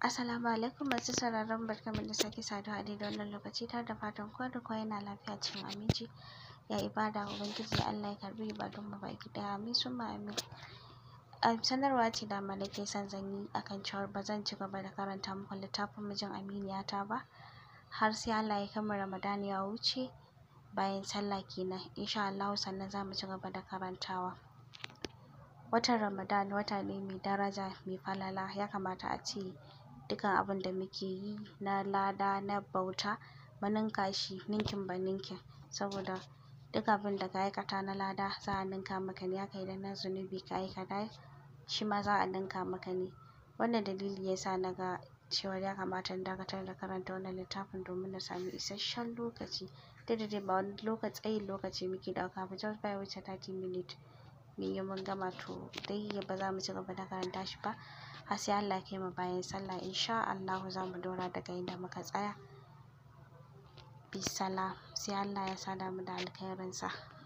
Assalamu alaikum masu sauraron barkanmu da sake saduwa a da wannan lokaci tare da fatan kowa da kowa yana lafiya cikin aminci ya ibada ubangiji Allah ya karɓi ibadun mu baki ɗaya amin summa amin sanarwa ce da ma nake son zan yi akan cewa ba zan ci gaba da karanta muku littafin mijin aminiyata ba har sai Allah ya kai mu Ramadan ya wuce bayan sallah kenan insha Allahu sannan za mu ci gaba da karantawa watan Ramadan wata ne mai daraja mai falala ya kamata a ce dukan abin da muke yi na lada na bauta mu ninka shi ninkin ba ninkin saboda duk abin da ka aikata na lada za a ninka maka ne haka idan na zunubi ka aikata shi ma za a ninka maka ne wannan dalili ya sa na ga cewa ya kamata in dakatar da karanta wannan littafin domin na sami isasshen lokaci duk da dai ba wani lokaci tsayin lokaci muke ɗauka ba just baya wuce thirty minutes yi mun gama to dai ba za mu ci gaba da karanta shi ba har sai Allah ya kai mu bayan sallah insha Allahu za mu ɗora daga inda muka tsaya. Bisalam sai Allah ya sada mu da alkhairinsa.